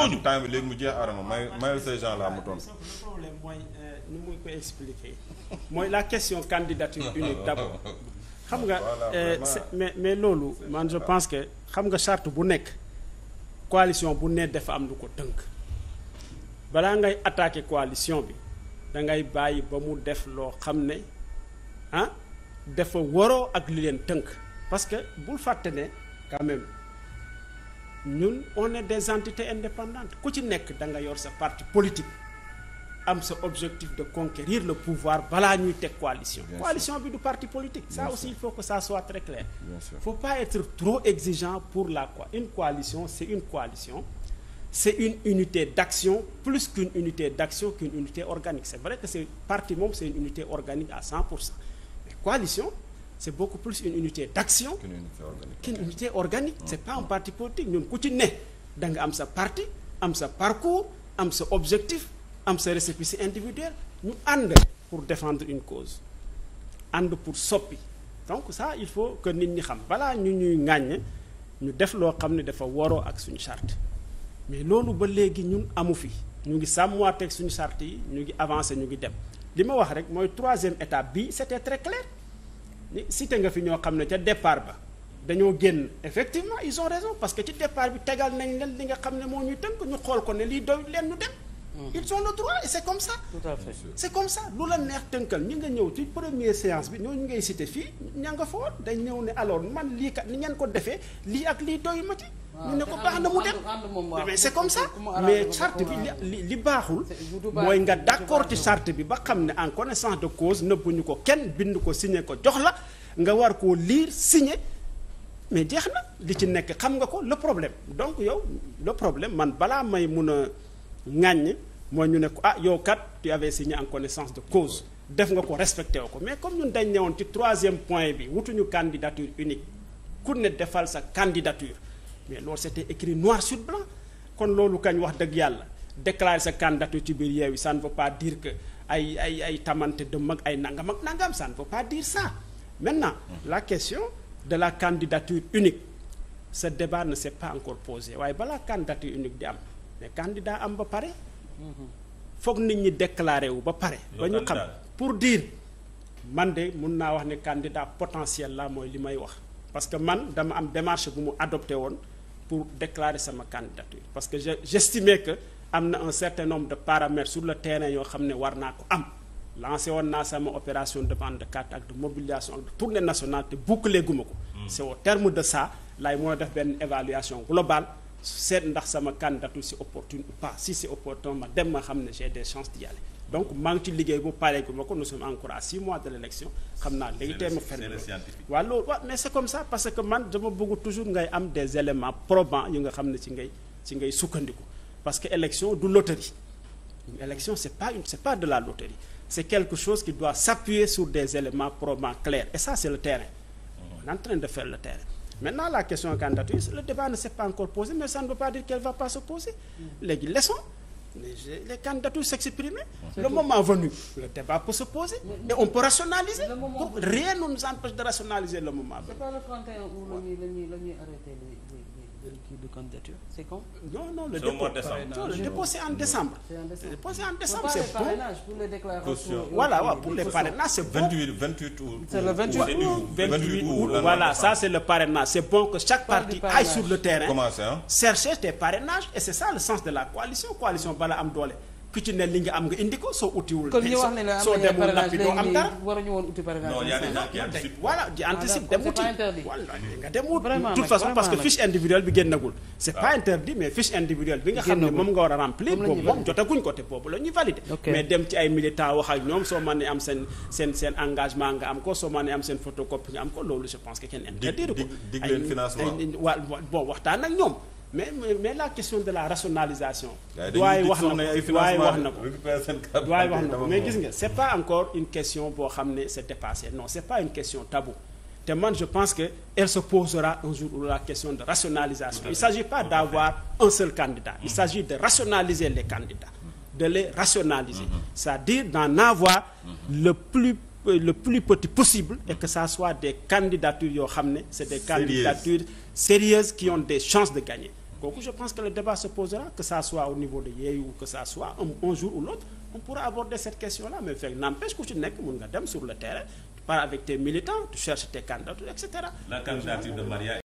ñooñu temps bi léegi mu jeex arama may mayal ces gens là mooy euh, nu muy ko expliquer mooy la question candidature unique d'abord xam nga euh, mais mais loolu man je pense que xam nga charte bu nekk coalition bu ne dafa am lu ko tënk balaa ngay attaquer coalition bi da ngay bàyyi ba mu def loo xam ne ah dafa waroo ak li leen tënk parce que bul fàtte ne quand ñun on est des entités indépendantes ku ci nekk da nga yor sa parti politique am sa objectif de conquérir le pouvoir balaa ñuy teg coalition Bien coalition bi du parti politique ça aussi sûr. il faut que ça soit très clair faut pas être trop exigeant pour la quoi une coalition c'est une coalition c'est une unité d'action plus qu'une unité d'action qu'une unité organique c'est vrai que se parti moom c'est une unité organique à cent pour cent mais coalition c'est ko plus une unité d'action qu'une unité organique c'est pas un parti politique ñoom ku ci ne da nga am sa parti am sa parcours am sa objectif am sa récépissé individuel ñu ànd pour défendre une cause ànd pour soppi donc ça il faut que nit ñi xam balaa ñu ñuy ŋàññ ñu def loo xam ne dafa woro ak suñu charte mais loolu ba léegi ñun amu fi ñu ngi sàmmuwaat ak suñu charte yi ñu ngi avancer ñu ngi dem li ma wax rek mooy troisième étape bi c'était très clair ni cité nga fi ñoo xam ne ca départ ba dañoo génn effectivement ils ont raison parce que ci départ bi tegal nañ leen li nga xam ne moo ñuy tënk ñu xool ko ne lii doy leen ñu dem. Mm-hmm. ils ont le droit et c'est comme ça. tout à fait c'est comme ça lu la neex tënkal ñi nga ñëw ci première séance bi ñoo ñu ngay cité fii ña nga fa woon dañ ñëw ne alors man lii ka ni ngeen ko defee lii ak lii doyuma ci. ñu ne ko baax na mu dem mais c'est comme ça mais charte bi li li baaxul mooy nga d'accord ci charte bi ba xam ne en connaissance de cause nëbbuñu ko kenn bind ko signé ko jox la nga war ko lire signe mais jeex na li ci nekk xam nga ko le problème donc yow le problème man balaa may mun a ŋàññ mooy ñu ne ko ah yow kat tu avais signé en connaissance de cause def nga ko respecté woo ko mais comme ñun dañ ñëwoon ci troisième point bi wutuñu candidature unique ku ne defal sa candidature mais loolu c'était écrit noir sur blanc kon loolu kañ wax dëgg yàlla déclarer sa candidature ci biir Yewwi ça ne veut pas que ay ay ay tamante de mag ay nangam ak nangam ça ne veut pas dire ça maintenant la question de la candidature unique sa débat ne s'est pas encore posé waaye balaa candidature unique di am mais candidat am ba pare foog nit ñi déclaré wu ba pare ba ñu xam pour dire man de mun naa wax ne candidat potentiel la mooy li may wax parce que man dama am démarche bu mu adopté woon pour déclarer sama candidature parce que je j'estimais que am na un certain nombre de paramètres sur le terrain yoo xam ne war naa ko am lancé woon naa sama opération de vente de carte ak de mobilisation ak de tournée nationale te bouclé guma ko hmm. c'est terme de ça laay mën def benn évaluation globale seet ndax sama candidature si opportune ou pas si c'est opportun ma dem ma xam ne j'ai des chances d'y aller donc man ngi ci liggéey bu pareegul ma ko nous sommes encore à six mois de l' xam naa léegi tey ma ferme waaw loolu parce que man dama bëgg am des éléments probants yu nga xam ne ci ngay ci ngay sukkandiku parce que élection du loterie une élection c' est pas une c' est pas de la loterie c' est quelque chose qui doit s'appuyer sur terrain on est en train de faire le terrain maintenant la question candidature le encore posé mais ça ne pas dire qu'elle va pas se poser léegi laissons les, les candidats tous s'exprimer. Le moment venu, le débat peut se poser et on peut rationaliser. Rien ne nous de rationaliser le moment venu. kii de candidature c'est quand? non non le dépôt non le dépôt c'est en décembre. c'est en décembre le dépôt c'est en décembre c'est bon. pour les déclarations. voilà waaw pour les parrainages c'est bon. 28 28 août. c'est le 28 août 28 août voilà ça c'est le parrainage c'est bon que chaque parti aille sur le terrain. commencer chercher des parrainages et c'est ça le sens de la coalition coalition bala am doole. ku ci ne li nga am nga indi ko soo utiwul. ne la a des gens qui dem uti voilà façon parce que fiche individuelle bi génnagul. c' est pas nga xam ne moom nga war a remplir. boobu moom jotaguñ ko te boobu la ñuy mais dem ci ay militants wax ak ñoom soo mënee am seen seen seen engagement nga am ko soo mënee am seen photocopie nga am ko loolu je pense que kenn interdire ko. dig waxtaan ak ñoom mais mais la question de la rationalisation. doy wax na ko wax na ko doy wax na ko mais gis nga c' est pas encore une question boo xam ne c' est dépassé non c' est pas une question tabou te man je pense que elle se posera un jour la question de rationalisation. il s'agit pas d' avoir un seul candidat. il mm-hmm. s'agit de rationaliser les candidats. Mm-hmm. de les rationaliser. Mm-hmm. c'est-à-dire d'en avoir le plus. Euh, le plus petit possible et que ça soit des candidatures yoo xam ne c'est des candidatures sérieuses qui ont des chances de gagner kooku je pense que le débat se posera que ça soit au niveau de Yewwi ou que ça soit un, un jour ou l'autre on pourra aborder cette question là mais fekk n'empêche ku ci nekk mun nga dem sur le terrain tu parles avec tes militants tu cherches tes candidats et la candidature de Maria